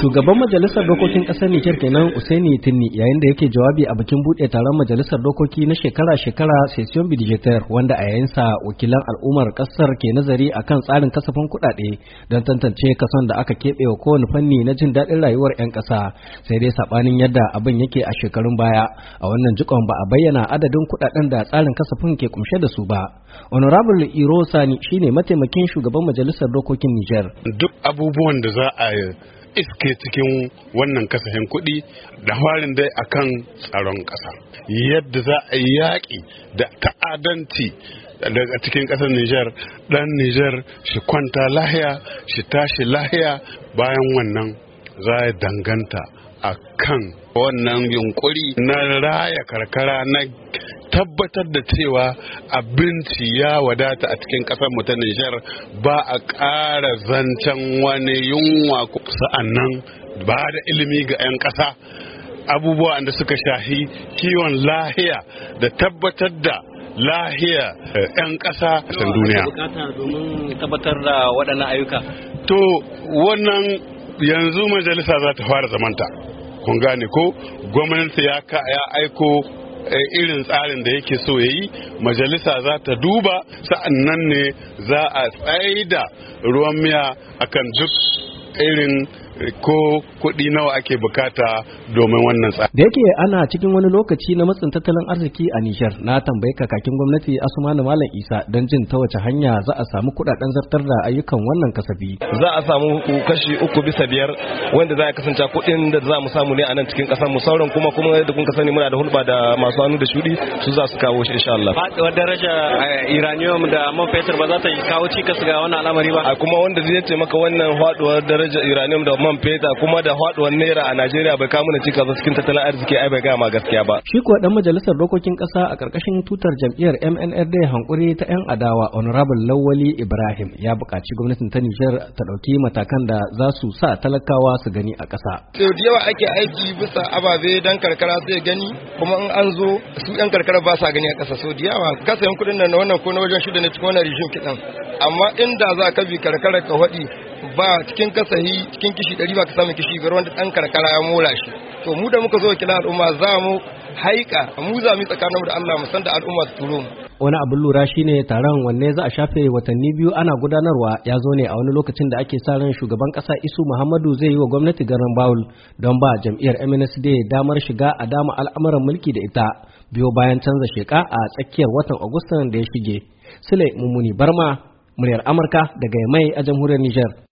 Shugaban Majalisar Dokokin Ƙasar Nijar kenan Usaini Tinni yayin da yake jawabi a bikin buɗe taron Majalisar Dokoki na shekara-shekara Session Budgetaire wanda a yayinsa wakilan al'ummar ƙasar ke nazari akan tsarin kasafin kuɗaɗe don tantance kason da aka keɓe wa kowane fanni na jin daɗin rayuwar 'yan ƙasa sai dai saɓanin yadda abin yake a shekarun baya a wannan jikon ba a bayyana adadin kuɗaɗen da tsarin kasafin ke kumshe da su ba. honorable iro sani shine mataimakin shugaban majalisar dokokin nijar duk abubuwan da za a iske cikin wannan kasashen kuɗi da farin dai akan tsaron ƙasa yadda za a yi yaƙi da ta'adanci daga cikin ƙasar Nijar ɗan Nijar shi kwanta lahiya shi tashi lahiya bayan wannan za ya danganta a kan wannan yunkuri na raya karkara na tabbatar da cewa abinci ya wadata a cikin kasar mu ta Nijar ba a ƙara zancen wani yunwa sa'annan ba da ilimi ga 'yan ƙasa abubuwan da suka shahi kiwon lahiya da tabbatar da lahiya eh, 'yan ƙasa a duniya. tabbatar da waɗannan ayyuka. To wannan yanzu majalisa za ta fara zamanta. kun gane ko gwamnati ya aiko Eh, irin tsarin da yake so ya yi majalisa za ta duba sa'annan ne za a tsaida ruwan miya akan duk irin ko kuɗi nawa ake bukata domin wannan tsari. Da yake ana cikin wani lokaci na matsin tattalin arziki a Nijar na tambayi kakakin gwamnati Asumanu Malam Isa don jin ta wace hanya za a samu kuɗaɗen zartar da ayyukan wannan kasafi. Za a samu kashi uku bisa biyar wanda za a kasance kuɗin da za mu samu ne a nan cikin ƙasar mu sauran kuma kuma da kun sani muna da hulɓa da masu hannu da shuɗi su za su kawo shi insha Allah. Faɗuwar daraja eh, uranium da man fetur ba za ta kawo cikas ga wannan al'amari ba. Kuma wanda zai ce maka wannan faɗuwar daraja uranium da man man fetur kuma da haduwar naira a Najeriya bai kawo mana cika cikin tattalin arziki ai bai gama gaskiya ba. Shi kuwa dan majalisar dokokin kasa a karkashin tutar jam'iyyar MNRD hankuri ta yan adawa Honorable Lawali Ibrahim ya buƙaci gwamnatin ta Nijar ta ɗauki matakan da za su sa talakawa su gani a ƙasa. Sau da yawa ake aiki bisa ababe dan karkara zai gani kuma in an zo su yan karkara ba sa gani a ƙasa sau da yawa kasayin kuɗin nan na wannan ko na wajen shida na cikin wannan rijim kiɗan amma inda za ka bi karkara ka faɗi ba cikin kasahi cikin kishi ɗari ba ka samu kishi biyar wanda ɗan karkara ya mola shi to mu da muka zo kila al'umma za mu haika mu za mu tsakaninmu da Allah mu san da al'umma su turo mu wani abin lura shine taron wanne za a shafe watanni biyu ana gudanarwa ya zo ne a wani lokacin da ake sa ran shugaban kasa isu muhammadu zai yi wa gwamnati garin bawul don ba jam'iyyar mnsd damar shiga a dama al'amuran mulki da ita biyo bayan canza sheka a tsakiyar watan agustan da ya shige sule mummuni barma muryar amurka daga mai a jamhuriyar niger